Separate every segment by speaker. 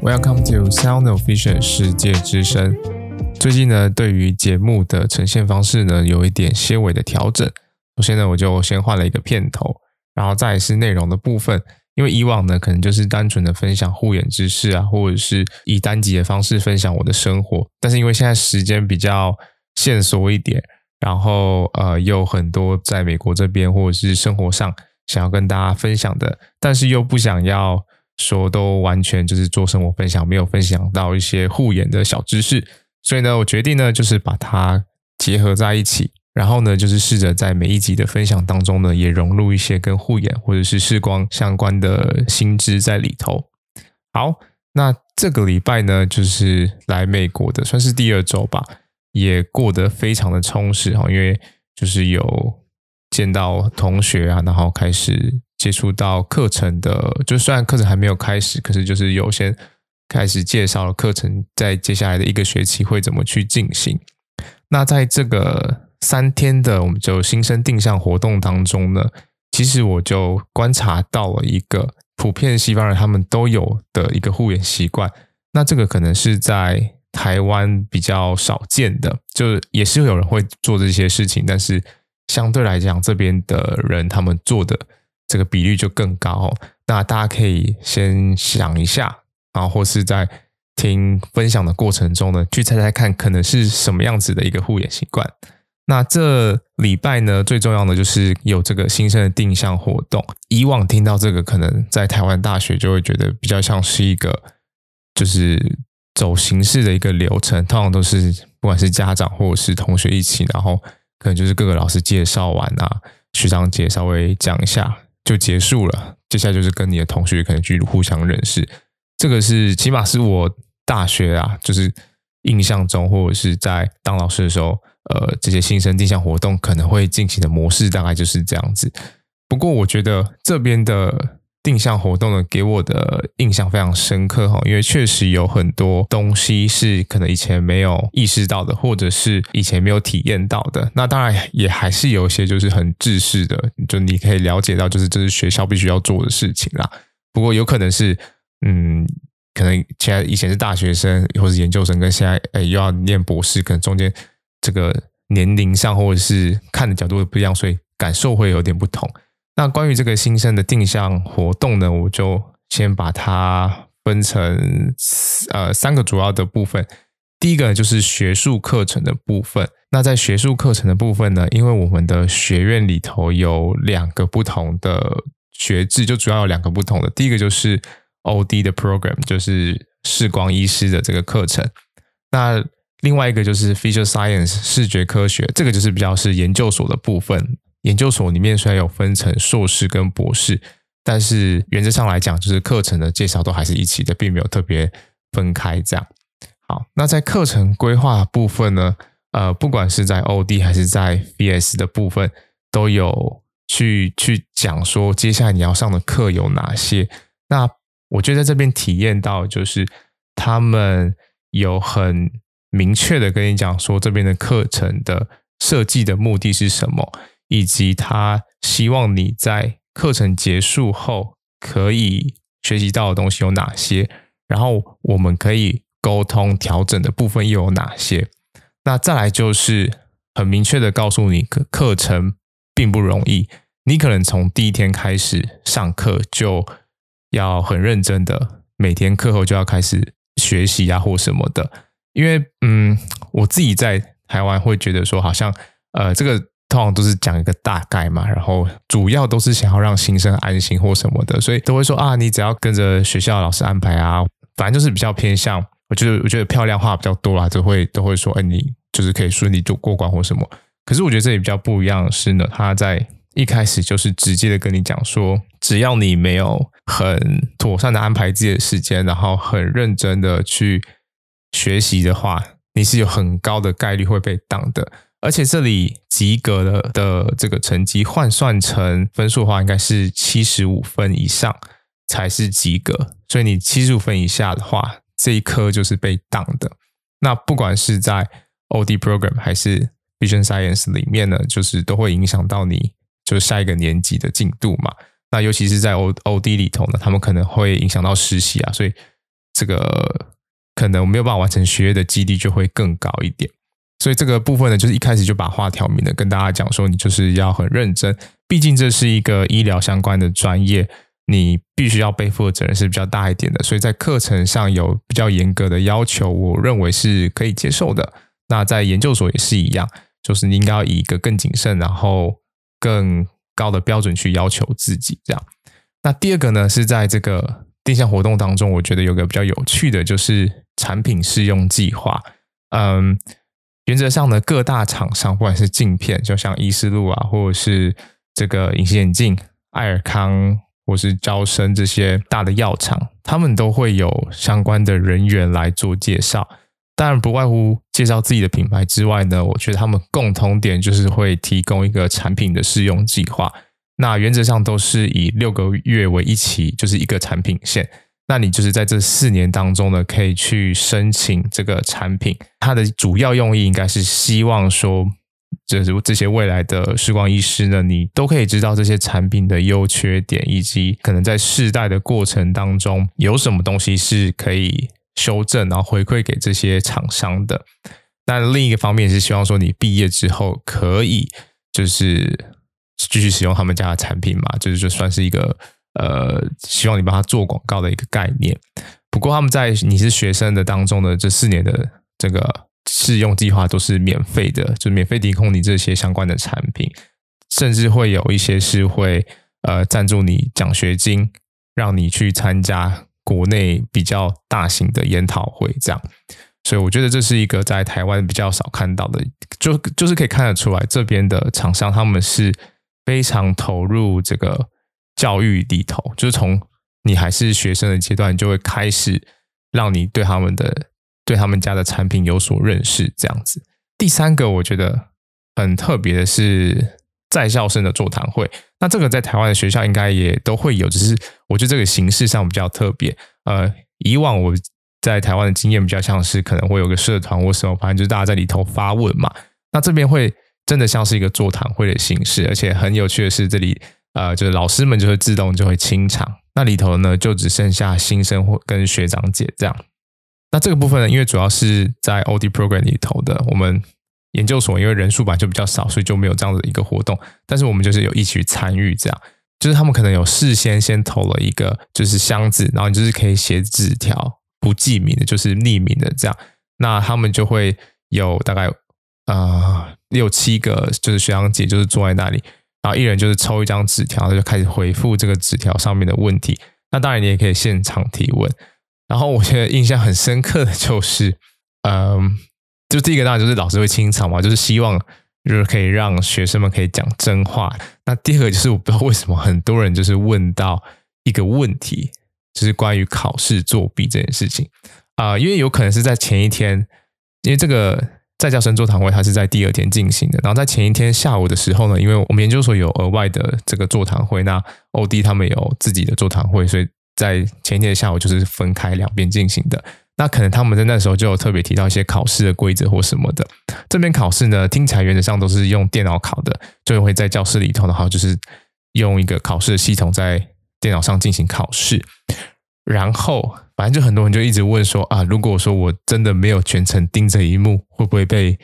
Speaker 1: Welcome to Sound of Vision 世界之聲。最近呢，對於節目的呈現方式呢，有一點些微的調整。首先呢，我就先換了一個片頭，然後再是內容的部分。因為以往呢，可能就是單純的分享護眼知識啊，或者是以單集的方式分享我的生活。但是因為現在時間比較限縮一點，然後呃，有很多在美國這邊或者是生活上想要跟大家分享的，但是又不想要。說都完全就是做生活分享，沒有分享到一些護眼的小知識，所以呢，我決定呢，就是把它結合在一起，然後呢，就是試着在每一集的分享當中呢，也融入一些跟護眼或者是視光相關的新知在裡頭。好，那這個禮拜呢，就是來美國的，算是第二周吧，也過得非常的充實哈，因為就是有。見到同學啊，然後開始接觸到課程的，就雖然課程還沒有開始，可是就是有先開始介紹了課程，在接下來的一個學期會怎麼去進行。那在這個三天的我們就新生定向活動當中呢，其實我就觀察到了一個普遍西方人他們都有的一個護眼習慣。那這個可能是在台灣比較少見的，就也是有人會做這些事情，但是。相對來講，這邊的人他們做的這個比率就更高。那大家可以先想一下，然後或是在聽分享的過程中呢，去猜猜看可能是什麼樣子的一個護眼習慣。那這禮拜呢，最重要的就是有這個新生的定向活動。以往聽到這個，可能在台灣大學就會覺得比較像是一個就是走形式的一個流程，通常都是不管是家長或者是同學一起，然後。可能就是各個老師介紹完啊，學長姐稍微講一下就結束了。接下來就是跟你的同學可能去互相認識，這個是起碼是我大學啊，就是印象中或者是在當老師的時候，呃，這些新生定向活動可能會進行的模式，大概就是這樣子。不過我覺得這邊的。定向活動呢，給我的印象非常深刻哈，因為確實有很多東西是可能以前沒有意識到的，或者是以前沒有體驗到的。那當然也還是有一些就是很制式的，就你可以了解到，就是這是學校必須要做的事情啦。不過有可能是，嗯，可能現在以前是大學生或者是研究生，跟現在誒又要念博士，可能中間這個年齡上或者是看的角度不一樣，所以感受會有點不同。那關於這個新生的定向活動呢，我就先把它分成呃三個主要的部分。第一個呢，就是學術課程的部分。那在學術課程的部分呢，因為我們的學院裡頭有兩個不同的學制，就主要有兩個不同的。第一個就是 O.D. 的 program，就是視光醫師的這個課程。那另外一個就是 Visual Science 視覺科學，這個就是比較是研究所的部分。研究所裡面雖然有分成碩士跟博士，但是原則上來講，就是課程的介紹都還是一起的，並沒有特別分開這樣。好，那在課程規劃部分呢，呃，不管是在 OD 還是在 VS 的部分，都有去去講說接下來你要上的課有哪些。那我就在這邊體驗到，就是他們有很明確的跟你講說，這邊的課程的設計的目的是什麼。以及他希望你在課程結束後可以學習到的東西有哪些？然後我們可以溝通調整的部分又有哪些？那再來就是很明確的告訴你，課課程並不容易。你可能從第一天開始上課就要很認真的，每天課後就要開始學習呀、啊、或什麼的。因為，嗯，我自己在台灣會覺得說，好像呃這個。通常都是講一個大概嘛，然後主要都是想要讓新生安心或什麼的，所以都會說啊，你只要跟着學校的老師安排啊，反正就是比較偏向。我覺得，我覺得漂亮話比較多啦，都會都會說，嗯、欸，你就是可以順利就過關或什麼。可是我覺得這裡比較不一樣的是呢，他在一開始就是直接的跟你講說，只要你沒有很妥善的安排自己的時間，然後很認真的去學習的話，你是有很高的概率會被當的。而且這裡及格的的這個成績換算成分數的話，應該是七十五分以上才是及格。所以你七十五分以下的話，這一科就是被當的。那不管是在 OD program 還是 Vision Science 裡面呢，就是都會影響到你，就是下一個年級的進度嘛。那尤其是在 O OD 裡頭呢，他們可能會影響到實習啊，所以這個可能沒有辦法完成學業的幾率就會更高一點。所以這個部分呢，就是一開始就把話挑明了，跟大家講說，你就是要很認真，畢竟這是一個醫療相關的專業，你必須要背負的責任是比較大一點的。所以在課程上有比較嚴格的要求，我認為是可以接受的。那在研究所也是一樣，就是你應該要以一個更謹慎、然後更高的標準去要求自己。這樣。那第二個呢，是在這個定向活動當中，我覺得有個比較有趣的就是產品試用計劃，嗯。原則上呢，各大廠商，不管是鏡片，就像依視路啊，或者是這個隱形眼鏡，愛爾康，或是嬌生這些大的藥廠，他們都會有相關的人員來做介紹。當然，不外乎介紹自己的品牌之外呢，我覺得他們共同點就是會提供一個產品的試用計劃。那原則上都是以六個月為一期，就是一個產品線。那你就是在這四年當中呢，可以去申請這個產品。它的主要用意應該是希望說，就是這些未來的視光醫師呢，你都可以知道這些產品的優缺點，以及可能在試戴的過程當中有什麼東西是可以修正，然後回饋給這些廠商的。那另一個方面是希望說，你畢業之後可以就是繼續使用他們家的產品嘛，就是就算是一個。呃，希望你幫他做廣告的一個概念。不過他們在你是學生的當中的這四年的這個試用計劃都是免費的，就免費提供你這些相關的產品，甚至會有一些是會呃贊助你獎學金，讓你去參加國內比較大型的研討會這樣。所以我覺得這是一個在台灣比較少看到的，就就是可以看得出來，這邊的廠商他們是非常投入這個。教育裡頭，就是從你還是學生的階段，就會開始讓你對他們的、對他們家的產品有所認識，這樣子。第三個我覺得很特別的是在校生的座談會，那這個在台灣的學校應該也都會有，只是我覺得這個形式上比較特別。呃，以往我在台灣的經驗比較像是可能會有個社團或什麼，反正就是大家在裡頭發問嘛。那這邊會真的像是一個座談會的形式，而且很有趣的是這裡。呃，就是老師們就會自動就會清場，那裡頭呢就只剩下新生或跟學長姐這樣。那這個部分呢，因為主要是在 OD program 裡頭的，我們研究所因為人數本來就比較少，所以就沒有這樣的一個活動。但是我們就是有一起參與這樣，就是他們可能有事先先投了一個就是箱子，然後你就是可以寫紙條，不記名的，就是匿名的這樣。那他們就會有大概啊、呃、六七個，就是學長姐就是坐在那裡。然後一人就是抽一張紙條，他就開始回復這個紙條上面的問題。那當然你也可以現場提問。然後我現在印象很深刻的就是，嗯，就第一個當然就是老師會清場嘛，就是希望就是可以讓學生們可以講真話。那第二個就是我不知道為什麼很多人就是問到一個問題，就是關於考試作弊這件事情啊、呃，因為有可能是在前一天，因為這個。在校生座談會，它是在第二天進行的。然後在前一天下午的時候呢，因為我們研究所有額外的這個座談會，那 OD 他們有自己的座談會，所以在前一天下午就是分開兩邊進行的。那可能他們在那時候就有特別提到一些考試的規則或什麼的。這邊考試呢，聽起來原則上都是用電腦考的，就會在教室裡頭的話，就是用一個考試系統在電腦上進行考試，然後。反正就很多人就一直問說啊，如果我說我真的沒有全程盯着螢幕，會不會被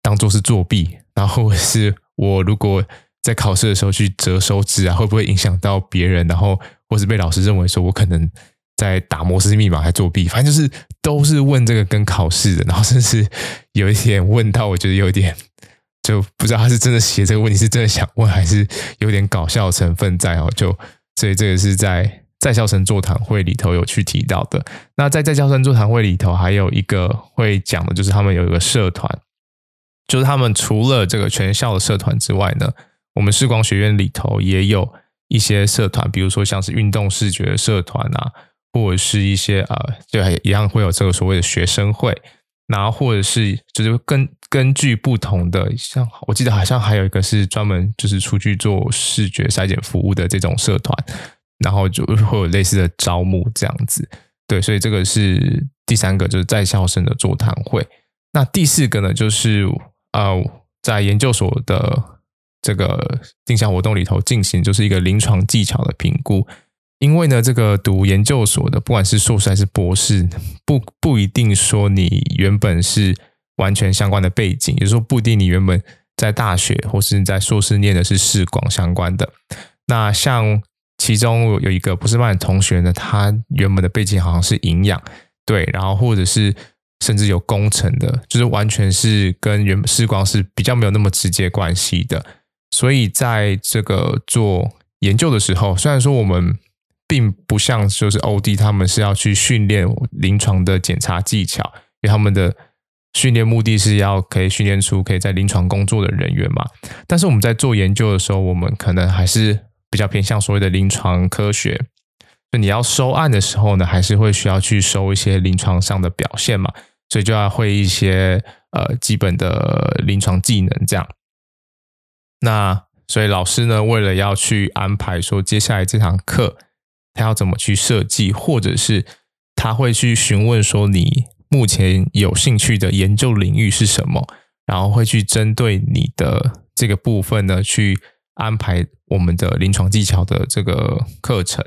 Speaker 1: 當做是作弊？然後是我如果在考試的時候去折手指啊，會不會影響到別人？然後或是被老師認為說我可能在打摩斯密碼還作弊？反正就是都是問這個跟考試的，然後甚至有一點問到，我覺得有點就不知道他是真的寫這個問題是真的想問，還是有點搞笑成分在哦？就所以這個是在。在校生座談會裡頭有去提到的。那在在校生座談會裡頭，還有一個會講的，就是他們有一個社團，就是他們除了這個全校的社團之外呢，我們視光學院裡頭也有一些社團，比如說像是運動視覺社團啊，或者是一些啊，就一樣會有這個所謂的學生會，然後或者是就是根根據不同的，像我記得好像還有一個是專門就是出去做視覺篩檢服務的這種社團。然後就會有類似的招募這樣子，對，所以這個是第三個，就是在校生的座談會。那第四個呢，就是啊、呃，在研究所的這個定向活動裡頭進行，就是一個臨床技巧的評估。因為呢，這個讀研究所的，不管是碩士還是博士，不不一定說你原本是完全相關的背景，也就是說不一定你原本在大學或是你在碩士念的是視光相關的。那像其中有一個不是曼的同學呢，他原本的背景好像是營養，對，然後或者是甚至有工程的，就是完全是跟原視光是比較沒有那麼直接關係的。所以在這個做研究的時候，雖然說我們並不像就是 OD 他們是要去訓練臨床的檢查技巧，因為他們的訓練目的是要可以訓練出可以在臨床工作的人員嘛。但是我們在做研究的時候，我們可能還是。比較偏向所謂的臨床科學，就你要收案的時候呢，還是會需要去收一些臨床上的表現嘛，所以就要會一些呃基本的臨床技能這樣。那所以老師呢，為了要去安排說接下來這堂課他要怎麼去設計，或者是他會去詢問說你目前有興趣的研究領域是什麼，然後會去針對你的這個部分呢去。安排我們的臨床技巧的這個課程，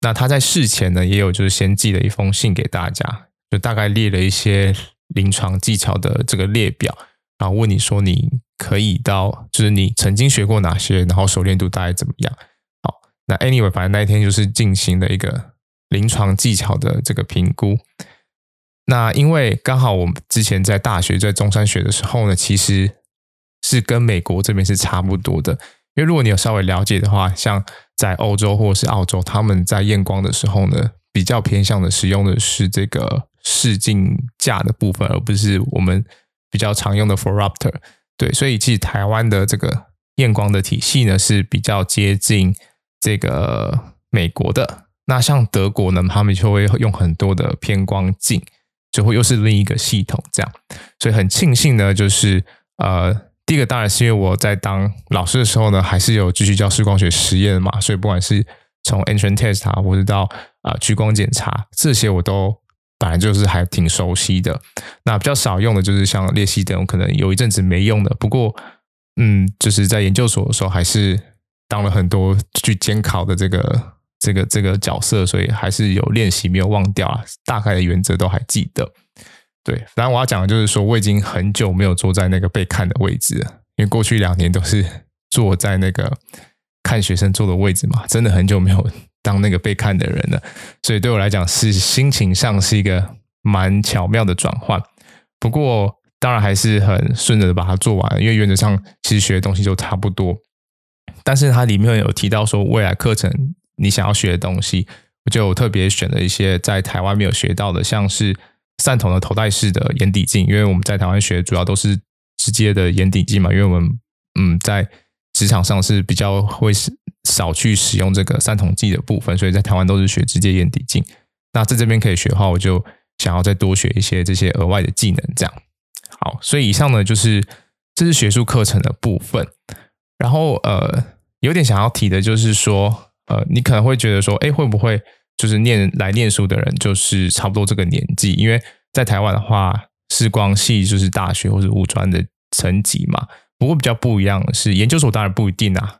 Speaker 1: 那他在事前呢，也有就是先寄了一封信給大家，就大概列了一些臨床技巧的這個列表，然後問你說你可以到，就是你曾經學過哪些，然後熟練度大概怎麼樣。好，那 Anyway，反正那一天就是進行了一個臨床技巧的這個評估。那因為剛好我們之前在大學在中山學的時候呢，其實是跟美國這邊是差不多的。因為如果你有稍微了解的話，像在歐洲或是澳洲，他們在驗光的時候呢，比較偏向的使用的是這個試鏡架的部分，而不是我們比較常用的 phoropter。對，所以其實台灣的這個驗光的體系呢，是比較接近這個美國的。那像德國呢，他們就會用很多的偏光鏡，就會又是另一個系統這樣。所以很慶幸呢，就是呃。第一個當然是因為我在當老師的時候呢，還是有繼續教視光學實驗嘛，所以不管是從 entrance test 啊，或是到啊呃、屈光檢查這些，我都本來就是還挺熟悉的。那比較少用的就是像裂隙燈，可能有一陣子沒用的。不過，嗯，就是在研究所的時候，還是當了很多去監考的這個這個這個角色，所以還是有練習，沒有忘掉啊，大概的原則都還記得。對，然後我要講的就是說，我已經很久沒有坐在那個被看的位置了，因為過去兩年都是坐在那個看學生坐的位置嘛，真的很久沒有當那個被看的人了，所以對我來講是心情上是一個蠻巧妙的轉換。不過當然還是很順着的把它做完，因為原則上其實學的東西就差不多，但是它裡面有提到說未來課程你想要學的東西，我就特別選了一些在台灣沒有學到的，像是，散瞳的頭戴式的眼底鏡，因為我們在台灣學的主要都是直接的眼底鏡嘛，因為我們嗯在職場上是比較會少去使用這個散瞳劑的部分，所以在台灣都是學直接眼底鏡。那在這邊可以學的話，我就想要再多學一些這些額外的技能，這樣。好，所以以上呢，就是這是學術課程的部分。然後呃，有點想要提的就是說，呃，你可能會覺得說，哎，會不會？就是念來念書的人，就是差不多這個年紀，因為在台灣的話，視光系就是大學或者五專的成績嘛。不過比較不一樣的是，是研究所當然不一定啊。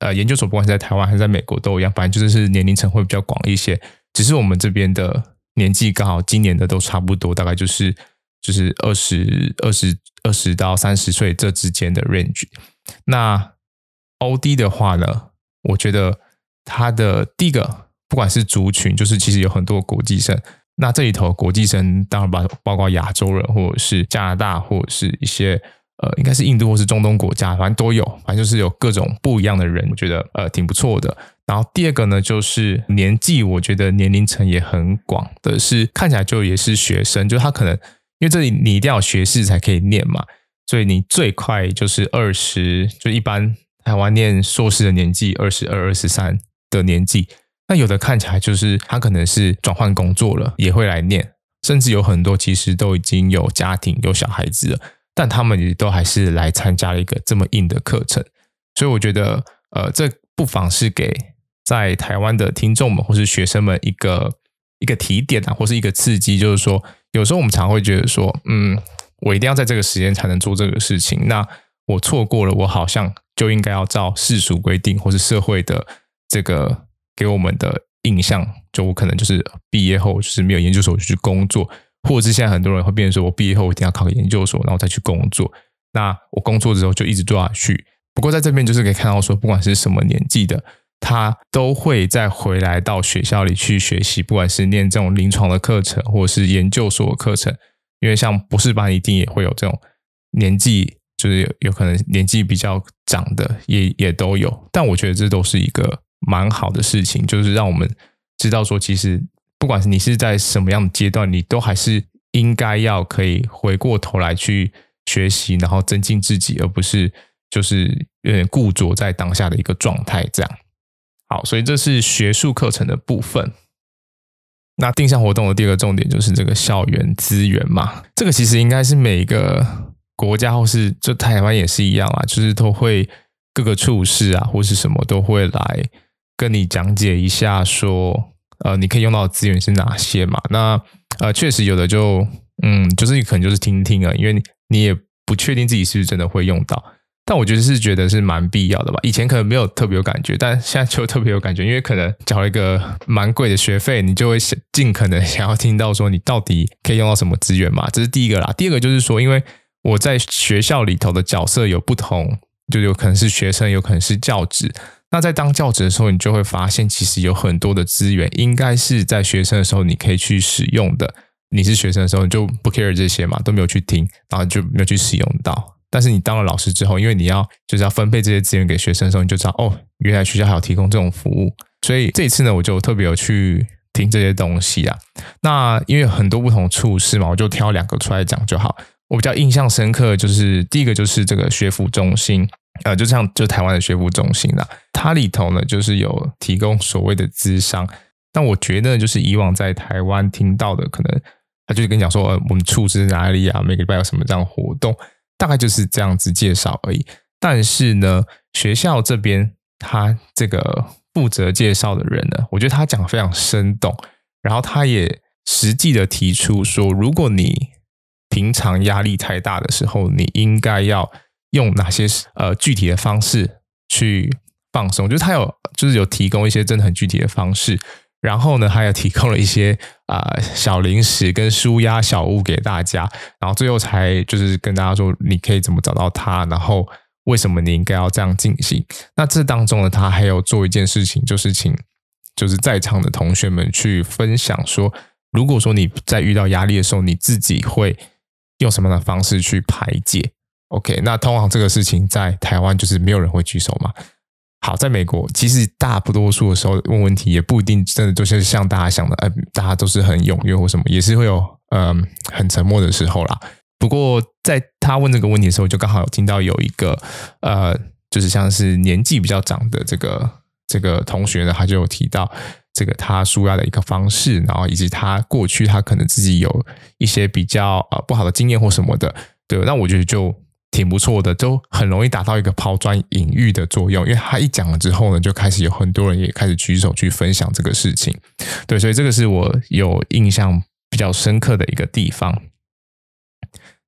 Speaker 1: 呃，研究所不管是在台灣還是在美國都一樣，反正就是年齡層會比較廣一些。只是我們這邊的年紀剛好，今年的都差不多，大概就是就是二十二十二十到三十歲這之間的 range。那 OD 的話呢，我覺得他的第一個。不管是族群，就是其實有很多國際生。那這裡頭國際生當然包括包括亞洲人，或者是加拿大，或者是一些呃，應該是印度或是中東國家，反正都有，反正就是有各種不一樣的人，我覺得呃挺不錯的。然後第二個呢，就是年紀，我覺得年齡層也很廣的是，是看起來就也是學生，就他可能因為這裡你一定要學士才可以念嘛，所以你最快就是二十，就一般台灣念碩士的年紀，二十二、二十三的年紀。但有的看起來就是他可能是轉換工作了，也會來念，甚至有很多其實都已經有家庭、有小孩子了，但他們也都還是來參加了一個這麼硬的課程。所以我覺得，呃，這不妨是給在台灣的聽眾們或是學生們一個一個提點啊，或是一個刺激，就是說，有時候我們常會覺得說，嗯，我一定要在這個時間才能做這個事情，那我錯過了，我好像就應該要照世俗規定或是社會的這個。給我們的印象，就我可能就是畢業後就是沒有研究所就去工作，或者是現在很多人會變成說，我畢業後一定要考個研究所，然後再去工作。那我工作之後就一直做下去。不過在這邊就是可以看到說，不管是什麼年紀的，他都會再回來到學校裡去學習，不管是念這種臨床的課程，或者是研究所的課程。因為像博士班一定也會有這種年紀，就是有有可能年紀比較長的也，也也都有。但我覺得這都是一個。蠻好的事情，就是讓我們知道說，其實不管是你是在什麼樣的階段，你都還是應該要可以回過頭來去學習，然後增進自己，而不是就是有點固着在當下的一個狀態這樣。好，所以這是學術課程的部分。那定向活動的第二個重點就是這個校園資源嘛，這個其實應該是每一個國家或是就台灣也是一樣啊，就是都會各個處室啊或是什麼都會來。跟你講解一下，說，呃，你可以用到的資源是哪些嘛？那，呃，確實有的就，嗯，就是你可能就是聽聽啊，因為你你也不確定自己是不是真的會用到，但我覺得是覺得是蠻必要的吧。以前可能沒有特別有感覺，但現在就特別有感覺，因為可能交一個蠻貴的學費，你就會盡可能想要聽到說你到底可以用到什麼資源嘛。這是第一個啦。第二個就是說，因為我在學校裡頭的角色有不同，就有可能是學生，有可能是教職。那在當教職的時候，你就會發現，其實有很多的資源應該是在學生的時候你可以去使用的。你是學生的時候你就不 care 這些嘛，都沒有去聽，然後就沒有去使用到。但是你當了老師之後，因為你要就是要分配這些資源給學生的時候，你就知道哦，原來學校還有提供這種服務。所以這一次呢，我就特別有去聽這些東西啊。那因為很多不同處室嘛，我就挑兩個出來講就好。我比較印象深刻，就是第一個就是這個學府中心，呃，就像就台灣的學府中心啦，它裡頭呢就是有提供所謂的諮商，但我覺得就是以往在台灣聽到的，可能他就是跟你講說，呃，我們出資哪裡啊？每個禮拜有什麼這樣活動，大概就是這樣子介紹而已。但是呢，學校這邊他這個負責介紹的人呢，我覺得他講的非常生動，然後他也實際的提出說，如果你平常壓力太大的時候，你應該要用哪些呃具體的方式去放鬆？就是他有，就是有提供一些真的很具體的方式。然後呢，還有提供了一些啊、呃、小零食跟舒壓小物給大家。然後最後才就是跟大家說，你可以怎麼找到他，然後為什麼你應該要這樣進行。那這當中呢，他還有做一件事情，就是請就是在場的同學們去分享說，如果說你在遇到壓力的時候，你自己會。用什麼樣的方式去排解？OK，那通常這個事情在台灣就是沒有人會舉手嘛。好，在美國其實大多數的時候問問題也不一定真的就是像大家想的，呃、大家都是很踴躍或什麼，也是會有嗯、呃、很沉默的時候啦。不過在他問這個問題的時候，我就剛好有聽到有一個呃，就是像是年紀比較長的這個這個同學呢，他就有提到。這個他紓壓的一個方式，然後以及他過去他可能自己有一些比較呃、不好的經驗或什麼的，對，那我覺得就挺不錯的，就很容易達到一個拋磚引玉的作用，因為他一講了之後呢，就開始有很多人也開始舉手去分享這個事情，對，所以這個是我有印象比較深刻的一個地方。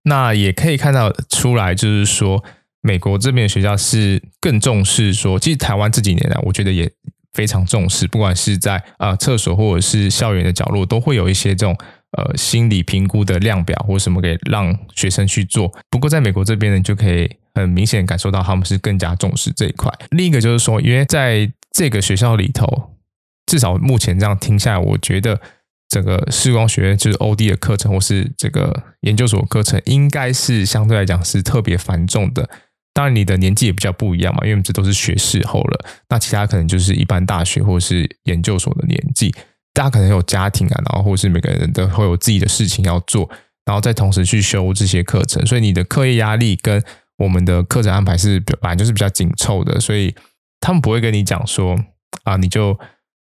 Speaker 1: 那也可以看到出來，就是說美國這邊學校是更重視說，其實台灣這幾年呢，我覺得也。非常重視，不管是在啊、呃、廁所或者是校園的角落，都會有一些這種呃心理評估的量表或什麼，給，讓學生去做。不過，在美國這邊呢，就可以很明顯感受到他們是更加重視這一塊。另一個就是說，因為在這個學校裡頭，至少目前這樣聽下來，我覺得整個視光學院就是 OD 的課程或是這個研究所課程，應該是相對來講是特別繁重的。當然，你的年紀也比較不一樣嘛，因為我們這都是學士後了。那其他可能就是一般大學或是研究所的年紀，大家可能有家庭啊，然後或是每個人都會有自己的事情要做，然後再同時去修這些課程，所以你的課業壓力跟我們的課程安排是，反正就是比較緊湊的。所以他們不會跟你講說啊，你就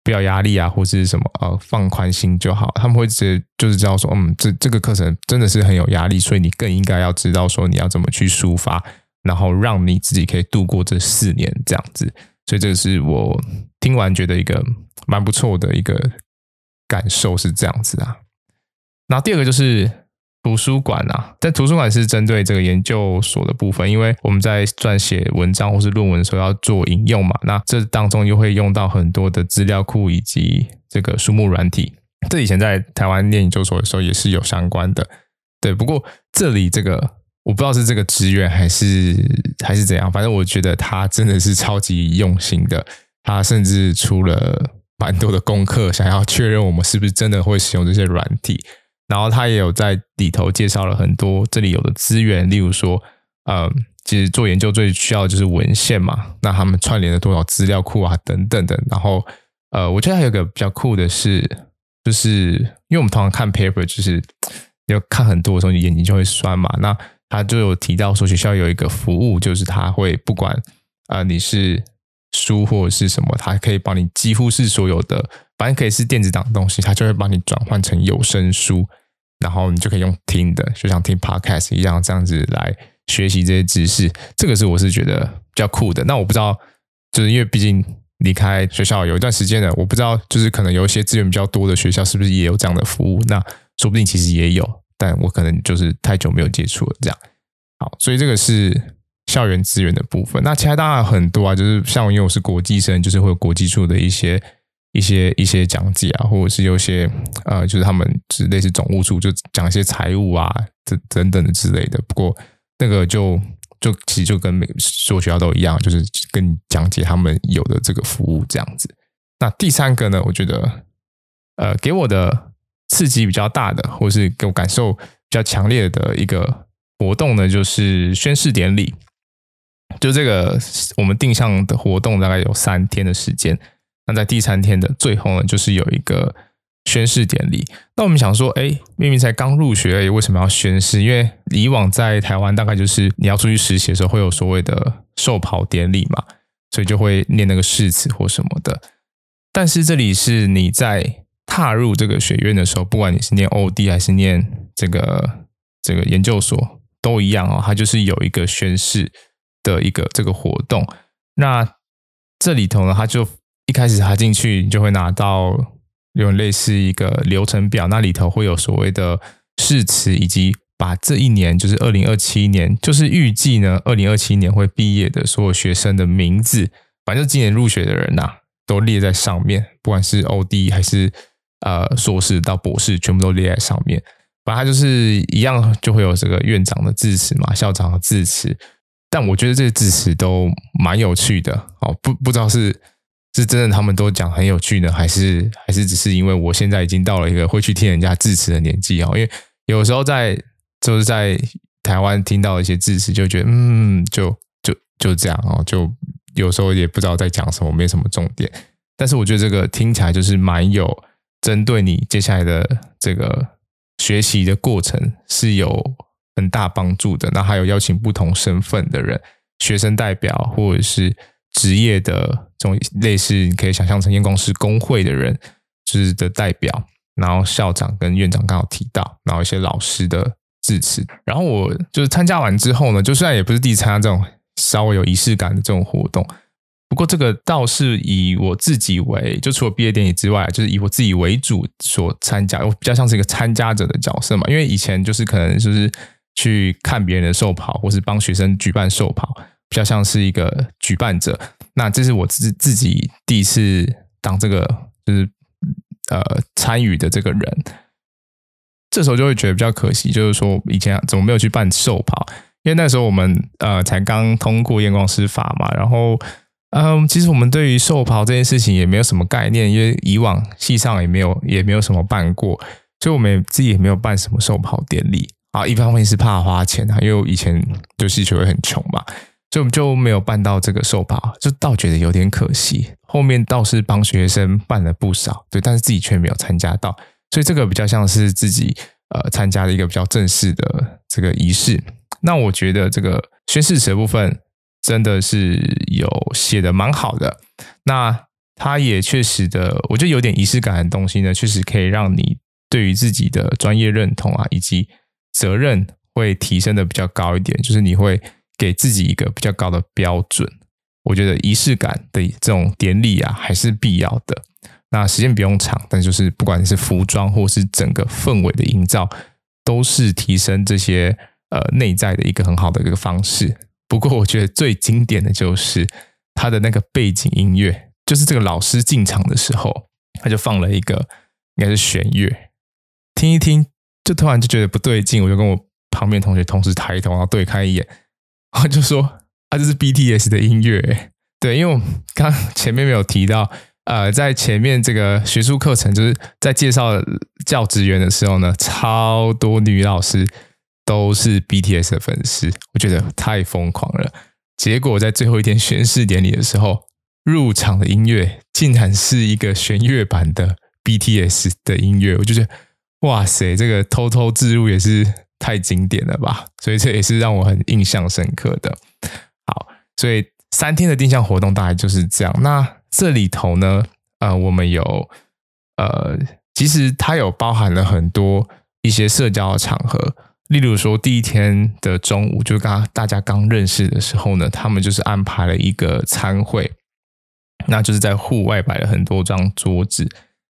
Speaker 1: 不要壓力啊，或者什麼呃、啊，放寬心就好。他們會直接就是知道說，嗯，這這個課程真的是很有壓力，所以你更應該要知道說，你要怎麼去抒發。然後讓你自己可以度過這四年，這樣子，所以這個是我聽完覺得一個蠻不錯的一個感受是這樣子啊。然後第二個就是圖書館啊，在圖書館是針對這個研究所的部分，因為我們在撰寫文章或是論文的時候要做引用嘛，那這當中又會用到很多的資料庫以及這個書目軟體。這以前在台灣唸研究所的時候也是有相關的，對。不過這裡這個。我不知道是這個資源還是還是怎樣，反正我覺得他真的是超級用心的。他甚至出了蠻多的功課，想要確認我們是不是真的會使用這些軟體。然後他也有在裡頭介紹了很多這裡有的資源，例如說，呃，其實做研究最需要的就是文獻嘛。那他們串聯了多少資料庫啊，等等等。然後，呃，我覺得還有一個比較酷的是，就是因為我們通常看 paper，就是要看很多的時候，你眼睛就會痠嘛。那他就有提到說，學校有一個服務，就是他會不管啊，你是書或者是什麼，他可以幫你幾乎是所有的，反正可以是電子檔的東西，他就會幫你轉換成有聲書，然後你就可以用聽的，就像聽 podcast 一樣，這樣子來學習這些知識。這個是我是覺得比較酷的。那我不知道，就是因為畢竟離開學校有一段時間了，我不知道，就是可能有一些資源比較多的學校是不是也有這樣的服務？那說不定其實也有。但我可能就是太久沒有接觸了，這樣好，所以這個是校園資源的部分。那其他當然很多啊，就是像因為我是國際生，就是會有國際處的一些一些一些講解啊，或者是有些呃，就是他們類似總務處就講一些財務啊，這等等之類的。不過那個就就其實就跟每所學校都一樣，就是跟講解他們有的這個服務這樣子。那第三個呢，我覺得呃，給我的。刺激比較大的，或是給我感受比較強烈的一個活動呢，就是宣誓典禮。就這個我們定向的活動大概有三天的時間，那在第三天的最後呢，就是有一個宣誓典禮。那我們想說，哎、欸，明明才剛入學而已，為什麼要宣誓？因為以往在台灣，大概就是你要出去實習的時候，會有所謂的授袍典禮嘛，所以就會念那個誓詞或什麼的。但是這裡是你在。踏入這個學院的時候，不管你是念 OD 還是念這個這個研究所，都一樣哦。它就是有一個宣誓的一個這個活動。那這裡頭呢，它就一開始他進去，你就會拿到有類似一個流程表，那裡頭會有所謂的誓詞，以及把這一年就是二零二七年，就是預計呢二零二七年會畢業的所有學生的名字，反正今年入學的人吶、啊，都列在上面，不管是 OD 還是。呃，碩士到博士全部都列在上面，反正就是一樣，就會有這個院長的致辭嘛，校長的致辭。但我覺得這些致辭都蠻有趣的哦，不不知道是是真的，他們都講很有趣呢，還是還是只是因為我現在已經到了一個會去聽人家致辭的年紀哦。因為有時候在就是在台灣聽到一些致辭，就覺得嗯，就就就這樣哦，就有時候也不知道在講什麼，沒什麼重點。但是我覺得這個聽起來就是蠻有。針對你接下來的這個學習的過程是有很大幫助的。那還有邀請不同身份的人，學生代表或者是職業的這種類似，你可以想象成一間公司工會的人，就是的代表。然後校長跟院長剛好提到，然後一些老師的致辭。然後我就是參加完之後呢，就雖然也不是第一次參加這種稍微有儀式感的這種活動。不過這個倒是以我自己為，就除了畢業典禮之外，就是以我自己為主所參加，我比較像是一個參加者的角色嘛。因為以前就是可能就是去看別人的授袍，或是幫學生舉辦授袍，比較像是一個舉辦者。那這是我自自己第一次當這個就是呃參與的這個人，這時候就會覺得比較可惜，就是說以前怎麼沒有去辦授袍？因為那時候我們呃才剛通過驗光師法嘛，然後。嗯，um, 其實我們對於授袍這件事情也沒有什麼概念，因為以往系上也沒有也沒有什麼辦過，所以我們自己也沒有辦什麼授袍典禮啊。一方面是怕花錢啊，因為我以前就是學會很窮嘛，所以我們就沒有辦到這個授袍，就倒覺得有點可惜。後面倒是幫學生辦了不少，對，但是自己卻沒有參加到，所以這個比較像是自己呃參加了一個比較正式的這個儀式。那我覺得這個宣誓詞的部分。真的是有寫的蠻好的，那他也確實的，我覺得有點儀式感的東西呢，確實可以讓你對於自己的專業認同啊，以及責任會提升的比較高一點，就是你會給自己一個比較高的標準。我覺得儀式感的這種典禮啊，還是必要的。那時間不用長，但就是不管你是服裝或是整個氛圍的營造，都是提升這些呃內在的一個很好的一個方式。不過我覺得最經典的就是他的那個背景音樂，就是這個老師進場的時候，他就放了一個應該是弦樂，聽一聽就突然就覺得不對勁，我就跟我旁邊同學同時抬頭然後對看一眼，他就說啊，這是 BTS 的音樂，欸，對，因為我剛剛前面沒有提到，呃，在前面這個學術課程就是在介紹教職員的時候呢，超多女老師。都是 BTS 的粉絲，我覺得太瘋狂了。結果在最後一天宣誓典禮的時候，入場的音樂竟然是一個弦樂版的 BTS 的音樂，我就覺得哇塞，這個偷偷置入也是太經典了吧！所以這也是讓我很印象深刻的。好，所以三天的定向活動大概就是這樣。那這裡頭呢，呃，我們有呃，其實它有包含了很多一些社交場合。例如說，第一天的中午，就剛大家剛認識的時候呢，他們就是安排了一個餐會，那就是在戶外擺了很多張桌子。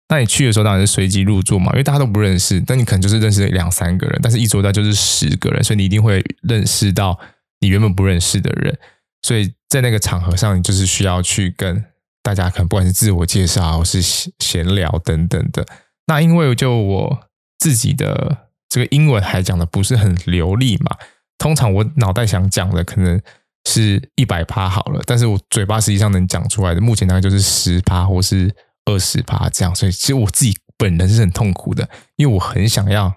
Speaker 1: 那你去的時候當然是隨機入座嘛，因為大家都不認識，但你可能就是認識了兩三個人，但是一桌大概就是十個人，所以你一定會認識到你原本不認識的人。所以在那個場合上，你就是需要去跟大家，可能不管是自我介紹，或是閒聊等等的。那因為就我自己的。這個英文還講的不是很流利嘛，通常我腦袋想講的可能是一百趴好了，但是我嘴巴實際上能講出來的，目前大概就是十趴或是二十趴這樣。所以其實我自己本人是很痛苦的，因為我很想要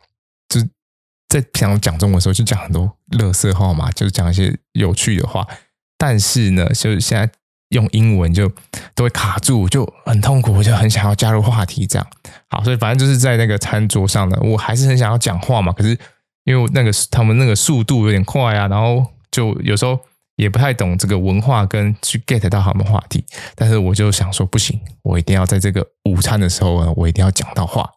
Speaker 1: 就是在平常講中文的時候就講很多垃圾話嘛，就講一些有趣的話，但是呢，就是現在。用英文就都會卡住，就很痛苦，我就很想要加入話題，這樣。好，所以反正就是在那個餐桌上呢，我還是很想要講話嘛。可是因為那個他們那個速度有點快啊，然後就有時候也不太懂這個文化，跟去 get 到他們話題。但是我就想說，不行，我一定要在這個午餐的時候呢，我一定要講到話。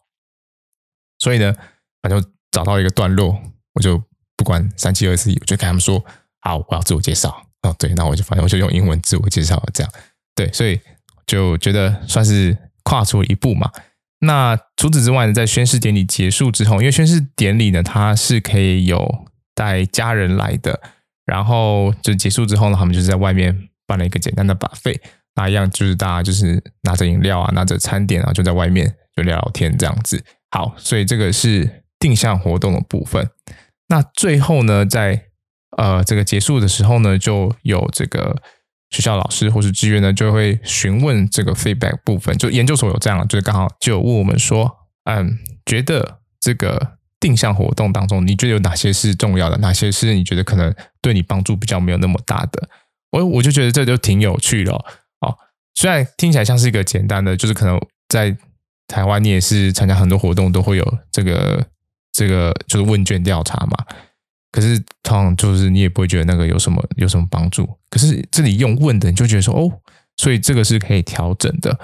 Speaker 1: 所以呢，我就找到一個段落，我就不管三七二十一，我就跟他們說：“好，我要自我介紹。”哦，對，那我就發現，我就用英文自我介紹了，這樣，對，所以就覺得算是跨出了一步嘛。那除此之外呢，在宣誓典禮結束之後，因為宣誓典禮呢，它是可以有帶家人來的，然後就結束之後呢，他們就是在外面辦了一個簡單的 buffet，那一樣就是大家就是拿着飲料啊，拿着餐點啊，就在外面就聊聊天這樣子。好，所以這個是定向活動的部分。那最後呢，在呃，這個結束的時候呢，就有這個學校老師或是職員呢，就會詢問這個 feedback 部分。就研究所有這樣，就是剛好就有問我們說，嗯，覺得這個定向活動當中，你覺得有哪些是重要的，哪些是你覺得可能對你幫助比較沒有那麼大的？我我就覺得這就挺有趣了，哦。哦，雖然聽起來像是一個簡單的，就是可能在台灣你也是參加很多活動都會有這個這個就是問卷調查嘛。可是，通常就是你也不會覺得那個有什麼有什麼幫助。可是這裡用問的，你就覺得說哦，所以這個是可以調整的，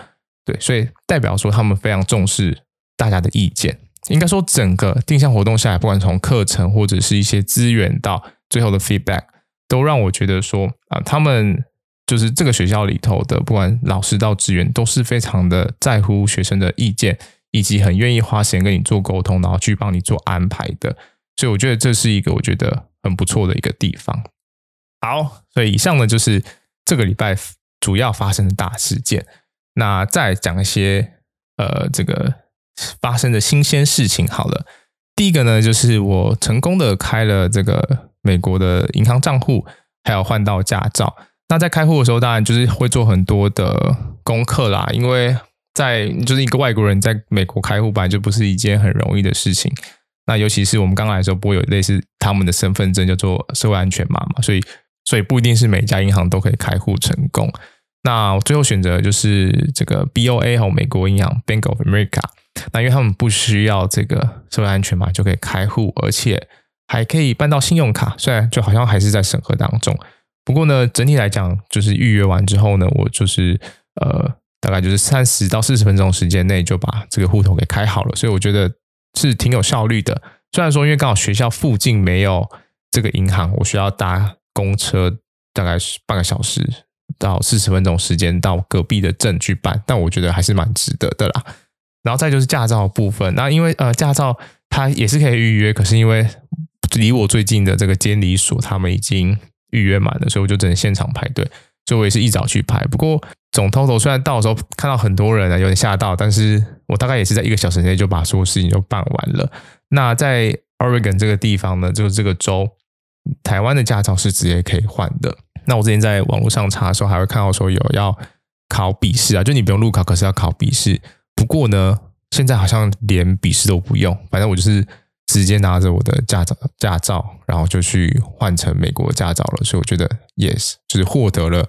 Speaker 1: 對，所以代表說他們非常重視大家的意見。應該說，整個定向活動下來，不管從課程或者是一些資源到最後的 feedback，都讓我覺得說啊、呃，他們就是這個學校裡頭的，不管老師到職員，都是非常的在乎學生的意見，以及很願意花錢跟你做溝通，然後去幫你做安排的。所以我覺得這是一個我覺得很不錯的一個地方。好，所以以上呢，就是這個禮拜主要發生的大事件。那再講一些呃這個發生的新鮮事情好了。第一個呢，就是我成功的開了這個美國的銀行賬戶，還有換到駕照。那在開戶的時候，當然就是會做很多的功課啦，因為在就是一個外國人在美國開戶，本來就不是一件很容易的事情。那尤其是我們剛來的時候，不會有類似他們的身份證叫做社會安全碼嘛，所以所以不一定是每家銀行都可以開戶成功。那我最後選擇的就是這個 BOA 和美國銀行 Bank of America，那因為他們不需要這個社會安全碼就可以開戶，而且還可以辦到信用卡。雖然就好像還是在審核當中，不過呢，整體來講就是預約完之後呢，我就是呃，大概就是三十到四十分鐘時間內就把這個戶頭給開好了，所以我覺得。是挺有效率的，雖然說因為剛好學校附近沒有這個銀行，我需要搭公車，大概是半個小時到四十分鐘時間到隔壁的鎮去辦，但我覺得還是蠻值得的啦。然後再就是駕照的部分，那因為呃駕照它也是可以預約，可是因為離我最近的這個監理所他們已經預約滿了，所以我就只能現場排隊，所以我也是一早去排。不過總偷偷雖然到的時候看到很多人啊，有點嚇到，但是。我大概也是在一個小時內就把所有事情都辦完了。那在 Oregon 這個地方呢，就是這個州，台灣的駕照是直接可以換的。那我之前在網絡上查的時候，還會看到說有要考筆試啊，就你不用路考，可是要考筆試。不過呢，現在好像連筆試都不用，反正我就是直接拿着我的駕照駕照，然後就去換成美國駕照了。所以我覺得，yes，就是獲得了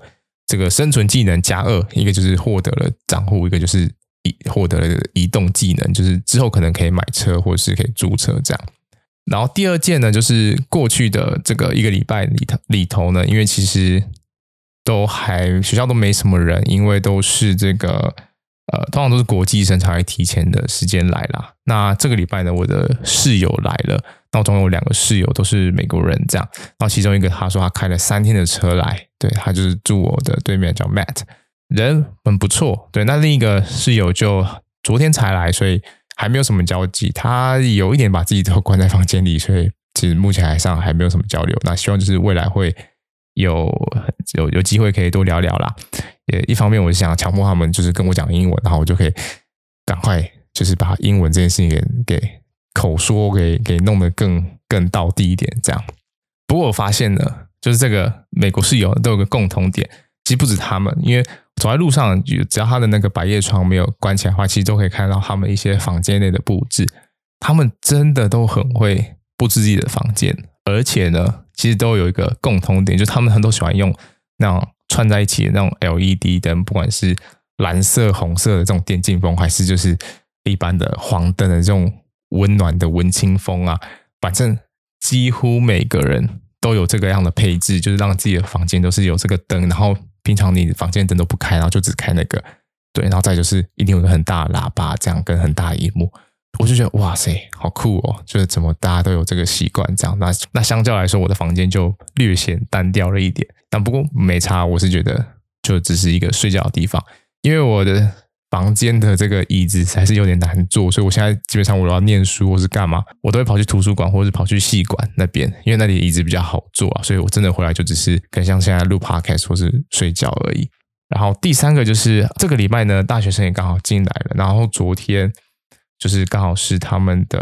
Speaker 1: 這個生存技能加二，一個就是獲得了賬戶，一個就是。一獲得了移動技能，就是之後可能可以買車或者是可以租車這樣。然後第二件呢，就是過去的這個一個禮拜裡頭裡頭呢，因為其實都還學校都沒什麼人，因為都是這個呃，通常都是國際生才會提前的時間來啦。那這個禮拜呢，我的室友來了，那我總共有兩個室友都是美國人這樣。那其中一個他說他開了三天的車來，對，他就是住我的對面，叫 Matt。人很不錯，對。那另一個室友就昨天才來，所以還沒有什麼交集。他有一點把自己都關在房間裡，所以其實目前還上還沒有什麼交流。那希望就是未來會有有有機會可以多聊聊啦。也一方面，我是想強迫他們就是跟我講英文，然後我就可以趕快就是把英文這件事情給給口說給給弄得更更道地一點。這樣。不過我發現呢，就是這個美國室友都有個共同點，其實不止他們，因為。走在路上，就只要他的那個百葉窗沒有關起來的話，其實都可以看到他們一些房間內的布置。他們真的都很會布置自己的房間，而且呢，其實都有一個共同點，就是他們很多喜歡用那種串在一起的那種 LED 燈，不管是藍色、紅色的這種電競風，還是就是一般的黃燈的這種溫暖的文青風啊，反正幾乎每個人都有這個樣的配置，就是讓自己的房間都是有這個燈，然後。平常你的房間燈都不開，然後就只開那個，對，然後再就是一定有個很大的喇叭，這樣跟很大的螢幕，我就覺得哇塞，好酷哦！就是怎麼大家都有這個習慣，這樣那那相較來說，我的房間就略顯單調了一點，但不過沒差，我是覺得就只是一個睡覺的地方，因為我的。房間的這個椅子還是有點難坐，所以我現在基本上我要念書或是幹嘛，我都會跑去圖書館或是跑去戲館那邊，因為那裡的椅子比較好坐啊。所以我真的回來就只是跟像現在錄 podcast 或是睡覺而已。然後第三個就是這個禮拜呢，大學生也剛好進來了。然後昨天就是剛好是他們的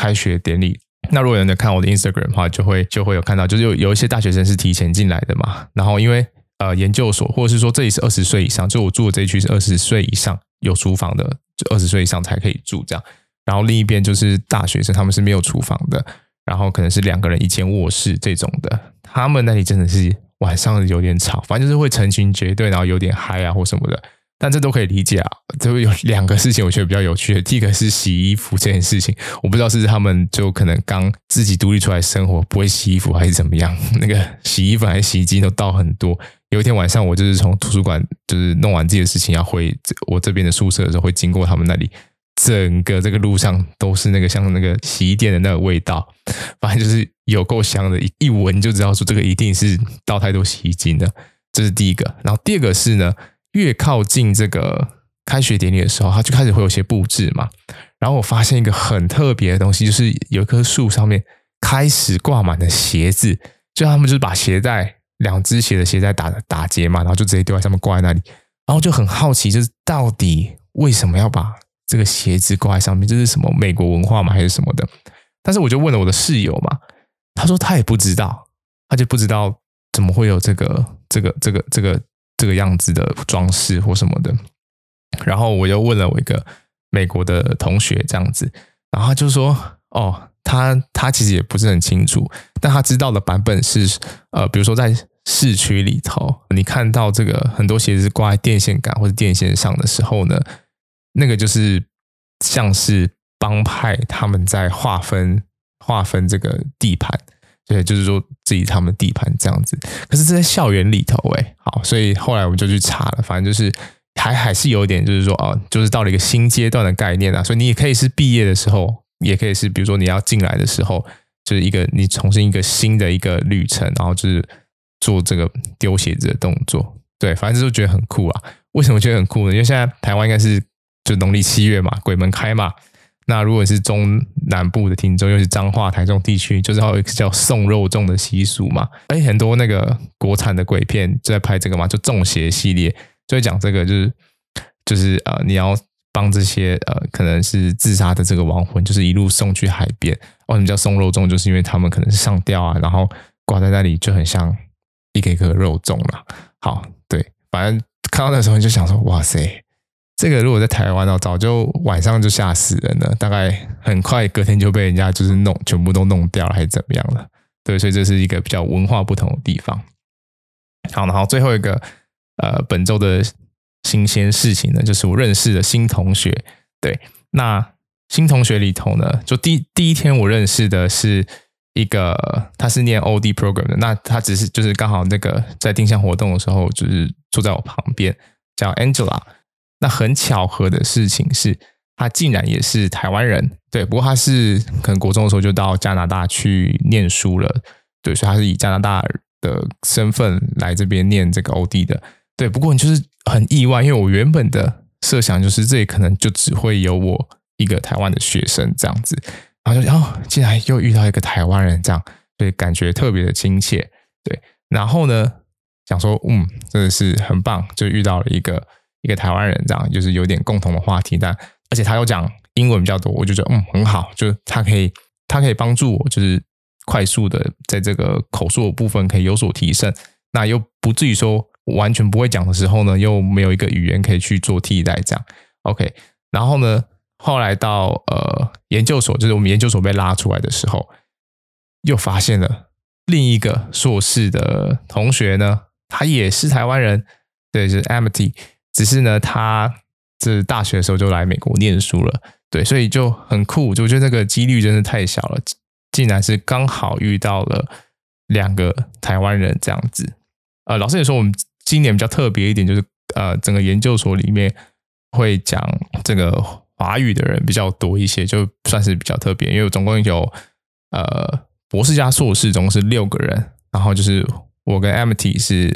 Speaker 1: 開學典禮。那如果有人能看我的 Instagram 的話，就會就會有看到，就是有有一些大學生是提前進來的嘛。然後因為呃，研究所，或者是說這裡是二十歲以上，就我住的這一區是二十歲以上有廚房的，就二十歲以上才可以住這樣。然後另一邊就是大學生，他們是沒有廚房的，然後可能是兩個人一間臥室這種的。他們那裡真的是晚上有點吵，反正就是會成群結隊，然後有點嗨啊或什麼的，但這都可以理解啊。就有兩個事情我覺得比較有趣的，第一個是洗衣服這件事情，我不知道是不是他們就可能剛自己獨立出來生活不會洗衣服還是怎麼樣，那個洗衣粉還是洗衣機都倒很多。有一天晚上，我就是從圖書館，就是弄完自己的事情要回我這邊的宿舍的時候，會經過他們那裡。整個這個路上都是那個像那個洗衣店的那個味道，反正就是有夠香的，一聞就知道說這個一定是倒太多洗衣精的。這是第一個。然後第二個是呢，越靠近這個開學典禮的時候，他就開始會有些布置嘛。然後我發現一個很特別的東西，就是有一棵樹上面開始掛滿了鞋子，就他們就是把鞋帶。兩隻鞋的鞋帶打打結嘛，然後就直接丟在上面掛在那裡，然後就很好奇，就是到底為什麼要把這個鞋子掛在上面，這是什麼美國文化嘛，還是什麼的？但是我就問了我的室友嘛，他說他也不知道，他就不知道怎麼會有這個這個這個這個這個樣子的裝飾或什麼的。然後我又問了我一個美國的同學這樣子，然後他就說哦。他他其實也不是很清楚，但他知道的版本是，呃，比如說在市區裡頭，你看到這個很多鞋子掛在電線桿或者電線上的時候呢，那個就是像是幫派他們在劃分劃分這個地盤，對，就是說自己他們地盤這樣子。可是這在校園裡頭、欸，哎，好，所以後來我們就去查了，反正就是還還是有點，就是說啊、哦，就是到了一個新階段的概念啊，所以你也可以是畢業的時候。也可以是，比如說你要進來的時候，就是一個你重新一個新的一個旅程，然後就是做這個丟鞋子的動作，對，反正就是覺得很酷啊。為什麼覺得很酷呢？因為現在台灣應該是就農曆七月嘛，鬼門開嘛。那如果是中南部的聽眾，又是彰化台中地區，就是還有一個叫送肉粽的習俗嘛。而且很多那個國產的鬼片就在拍這個嘛，就中邪系列就會講這個、就是，就是就是啊，你要。幫這些呃，可能是自殺的這個亡魂，就是一路送去海邊。為什麼叫送肉粽？就是因為他們可能是上吊啊，然後掛在那裡，就很像一個一個肉粽了。好，對，反正看到那時候你就想說，哇塞，這個如果在台灣呢，哦，早就晚上就嚇死人了。大概很快隔天就被人家就是弄，全部都弄掉了，還是怎麼樣了？對，所以這是一個比較文化不同的地方。好，然後最後一個呃，本周的。新鮮事情呢，就是我認識的新同學。對，那新同學裡頭呢，就第第一天我認識的是一個，他是念 OD program 的。那他只是就是剛好那個在定向活動的時候，就是坐在我旁邊，叫 Angela。那很巧合的事情是，他竟然也是台灣人。對，不過他是可能國中的時候就到加拿大去念書了。對，所以他是以加拿大的身份來這邊念這個 OD 的。對，不過你就是很意外，因為我原本的設想就是，這裡可能就只會有我一個台灣的學生這樣子，然後就哦，竟然又遇到一個台灣人，這樣對，感覺特別的親切，對。然後呢，想說，嗯，真的是很棒，就遇到了一個一個台灣人，這樣就是有點共同的話題，但而且他又講英文比較多，我就覺得嗯很好，就是他可以他可以幫助我，就是快速的在這個口述的部分可以有所提升，那又不至於說。完全不會講的時候呢，又沒有一個語言可以去做替代，這樣 OK。然後呢，後來到呃研究所，就是我們研究所被拉出來的時候，又發現了另一個碩士的同學呢，他也是台灣人，對，是 Amity，只是呢，他就是大學的時候就來美國念書了，對，所以就很酷，就覺得這個幾率真的太小了，竟然是剛好遇到了兩個台灣人這樣子。呃，老師也說，我們。今年比較特別一點就是，呃，整個研究所裡面會講這個華語的人比較多一些，就算是比較特別，因為我總共有呃博士加碩士，總共是六個人。然後就是我跟 Amity 是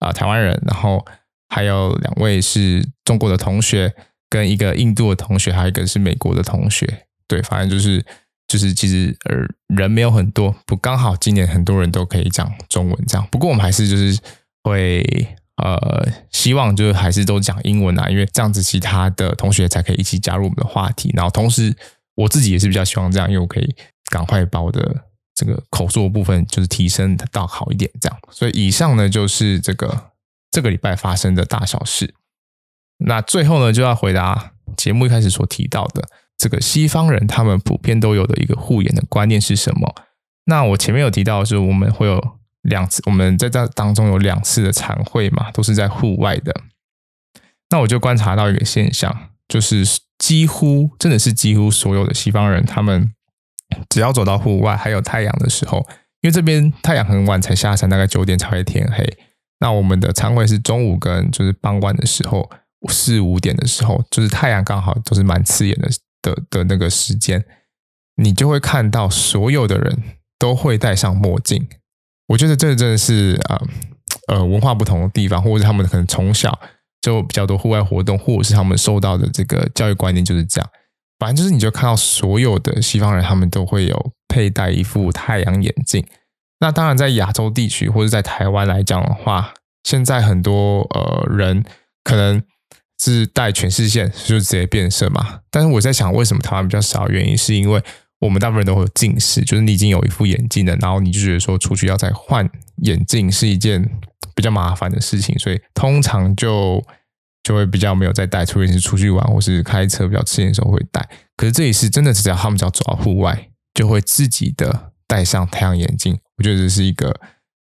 Speaker 1: 啊、呃、台灣人，然後還有兩位是中國的同學，跟一個印度的同學，還有一個是美國的同學。對，反正就是就是其實呃人沒有很多，不剛好今年很多人都可以講中文這樣。不過我們還是就是。會呃，希望就是還是都講英文啊，因為這樣子其他的同學才可以一起加入我們的話題。然後同時我自己也是比較希望這樣，因為我可以趕快把我的這個口說部分就是提升到好一點這樣。所以以上呢就是這個這個禮拜發生的大小事。那最後呢就要回答節目一開始所提到的這個西方人他們普遍都有的一個護眼的觀念是什麼？那我前面有提到就是我們會有。兩次，我們在這當中有兩次的餐會嘛，都是在戶外的。那我就觀察到一個現象，就是幾乎真的是幾乎所有的西方人，他們只要走到戶外還有太陽的時候，因為這邊太陽很晚才下山，大概九點才會天黑。那我們的餐會是中午跟就是傍晚的時候四五點的時候，就是太陽剛好都是蠻刺眼的的的那個時間，你就會看到所有的人都會戴上墨鏡。我覺得這真的是啊、呃，呃，文化不同的地方，或者是他們可能從小就比較多戶外活動，或者是他們受到的這個教育觀念就是這樣。反正就是，你就看到所有的西方人，他們都會有佩戴一副太陽眼鏡。那當然，在亞洲地區或者在台灣來講的話，現在很多呃人可能是戴全視線就直接變色嘛。但是我在想，為什麼台灣比較少的原因是因為。我們大部分人都會有近視，就是你已經有一副眼鏡了，然後你就覺得說出去要再換眼鏡是一件比較麻煩的事情，所以通常就就會比較沒有再戴，除非你是出去玩或是開車比較刺眼的時候會戴。可是這一次真的只要他們只要走到戶外，就會自己的戴上太陽眼鏡。我覺得這是一個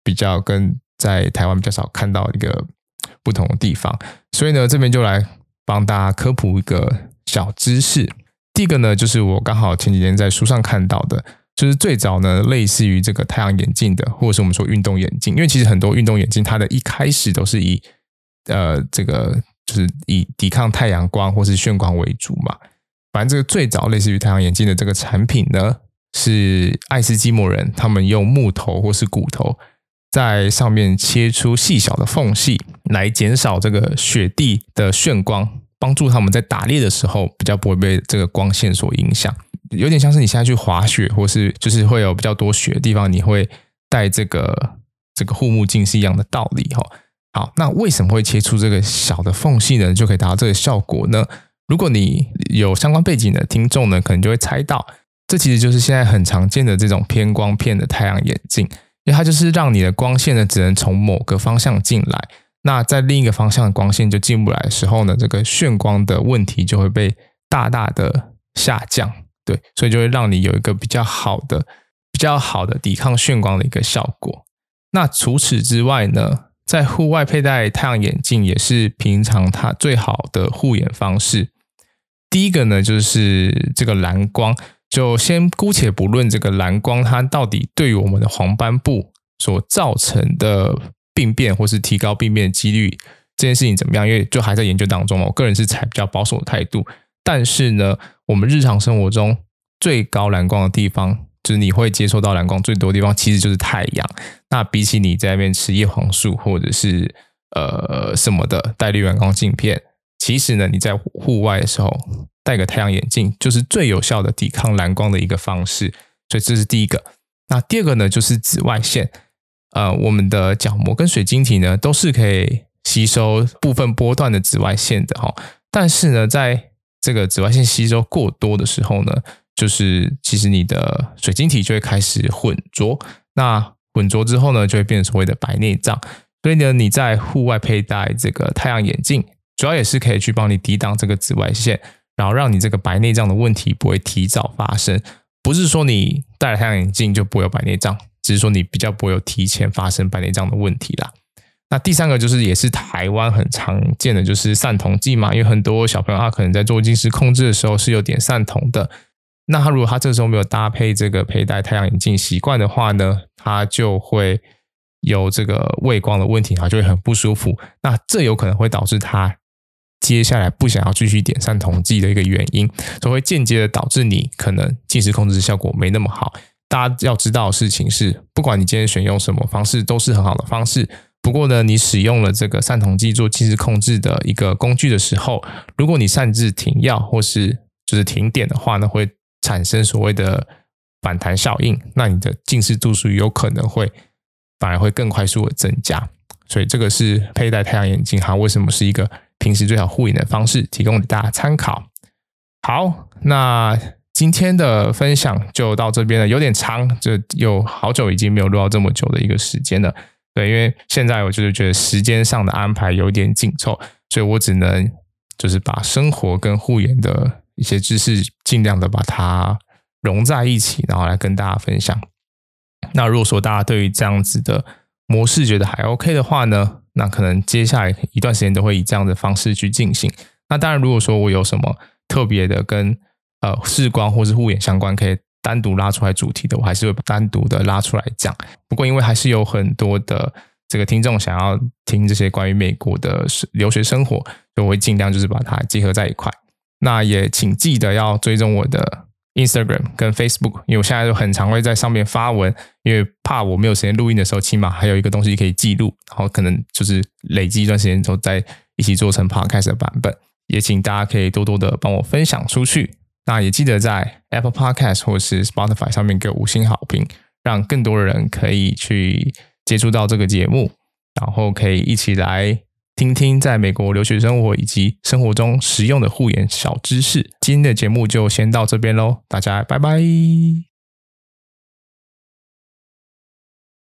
Speaker 1: 比較跟在台灣比較少看到一個不同的地方，所以呢，這邊就來幫大家科普一個小知識。第一個呢，就是我剛好前幾天在書上看到的，就是最早呢，類似於這個太陽眼鏡的，或者是我們說運動眼鏡，因為其實很多運動眼鏡它的一開始都是以呃這個就是以抵抗太陽光或是眩光為主嘛。反正這個最早類似於太陽眼鏡的這個產品呢，是愛斯基摩人他們用木頭或是骨頭在上面切出細小的縫隙，來減少這個雪地的眩光。幫助他們在打獵的時候比較不會被這個光線所影響，有點像是你現在去滑雪或是就是會有比較多雪的地方，你會戴這個這個護目鏡是一樣的道理哈。好，那為什麼會切出這個小的縫隙呢？就可以達到這個效果呢？如果你有相關背景的聽眾呢，可能就會猜到，這其實就是現在很常見的這種偏光片的太陽眼鏡，因為它就是讓你的光線呢只能從某個方向進來。那在另一個方向的光線就進不來的時候呢，這個眩光的問題就會被大大的下降，對，所以就會讓你有一個比較好的、比較好的抵抗眩光的一個效果。那除此之外呢，在戶外佩戴太陽眼鏡也是平常它最好的護眼方式。第一個呢，就是這個藍光，就先姑且不論這個藍光它到底對於我們的黃斑部所造成的。病變或是提高病變的幾率這件事情怎麼樣？因為就還在研究當中，我個人是採比較保守的態度，但是呢，我們日常生活中最高藍光的地方，就是你會接收到藍光最多的地方，其實就是太陽。那比起你在那邊吃葉黃素或者是呃什麼的，戴綠藍光鏡片，其實呢，你在戶外的時候戴個太陽眼鏡，就是最有效的抵抗藍光的一個方式。所以這是第一個。那第二個呢，就是紫外線。呃，我們的角膜跟水晶體呢，都是可以吸收部分波段的紫外線的哈。但是呢，在這個紫外線吸收過多的時候呢，就是其實你的水晶體就會開始混濁。那混濁之後呢，就會變成所謂的白內障。所以呢，你在戶外佩戴這個太陽眼鏡，主要也是可以去幫你抵擋這個紫外線，然後讓你這個白內障的問題不會提早發生。不是說你戴了太陽眼鏡就不會有白內障。只是說你比較不會有提前發生白內障的問題啦。那第三個就是也是台灣很常見的，就是散瞳劑嘛。因為很多小朋友他可能在做近視控制的時候是有點散瞳的。那他如果他這時候沒有搭配這個佩戴太陽眼鏡習慣的話呢，他就會有這個畏光的問題啊，就會很不舒服。那這有可能會導致他接下來不想要繼續點散瞳劑的一個原因，所以會間接的導致你可能近視控制效果沒那麼好。大家要知道的事情是，不管你今天選用什麼方式，都是很好的方式。不過呢，你使用了這個散瞳劑做近視控制的一個工具的時候，如果你擅自停藥或是就是停點的話呢，會產生所謂的反彈效應，那你的近視度數有可能會反而會更快速的增加。所以這個是佩戴太陽眼鏡哈，為什麼是一個平時最好護眼的方式，提供給大家參考。好，那。今天的分享就到這邊了，有點長，就有好久已經沒有錄到這麼久的一個時間了。對，因為現在我就是覺得時間上的安排有點緊湊，所以我只能就是把生活跟護眼的一些知識儘量的把它融在一起，然後來跟大家分享。那如果說大家對於這樣子的模式覺得還 OK 的話呢，那可能接下來一段時間都會以這樣的方式去進行。那當然，如果說我有什麼特別的跟呃，視光或是護眼相關可以單獨拉出來主題的，我還是會單獨的拉出來講。不過，因為還是有很多的這個聽眾想要聽這些關於美國的留學生活，所以我會盡量就是把它結合在一塊。那也請記得要追蹤我的 Instagram 跟 Facebook，因為我現在就很常會在上面發文，因為怕我沒有時間錄音的時候，起碼還有一個東西可以記錄，然後可能就是累積一段時間之後再一起做成 Podcast 的版本。也請大家可以多多的幫我分享出去。那也記得在 Apple Podcast 或是 Spotify 上面給五星好評，讓更多的人可以去接觸到這個節目，然後可以一起來聽聽在美國留學生活以及生活中實用的護眼小知識。今天的節目就先到這邊嘍，大家拜拜。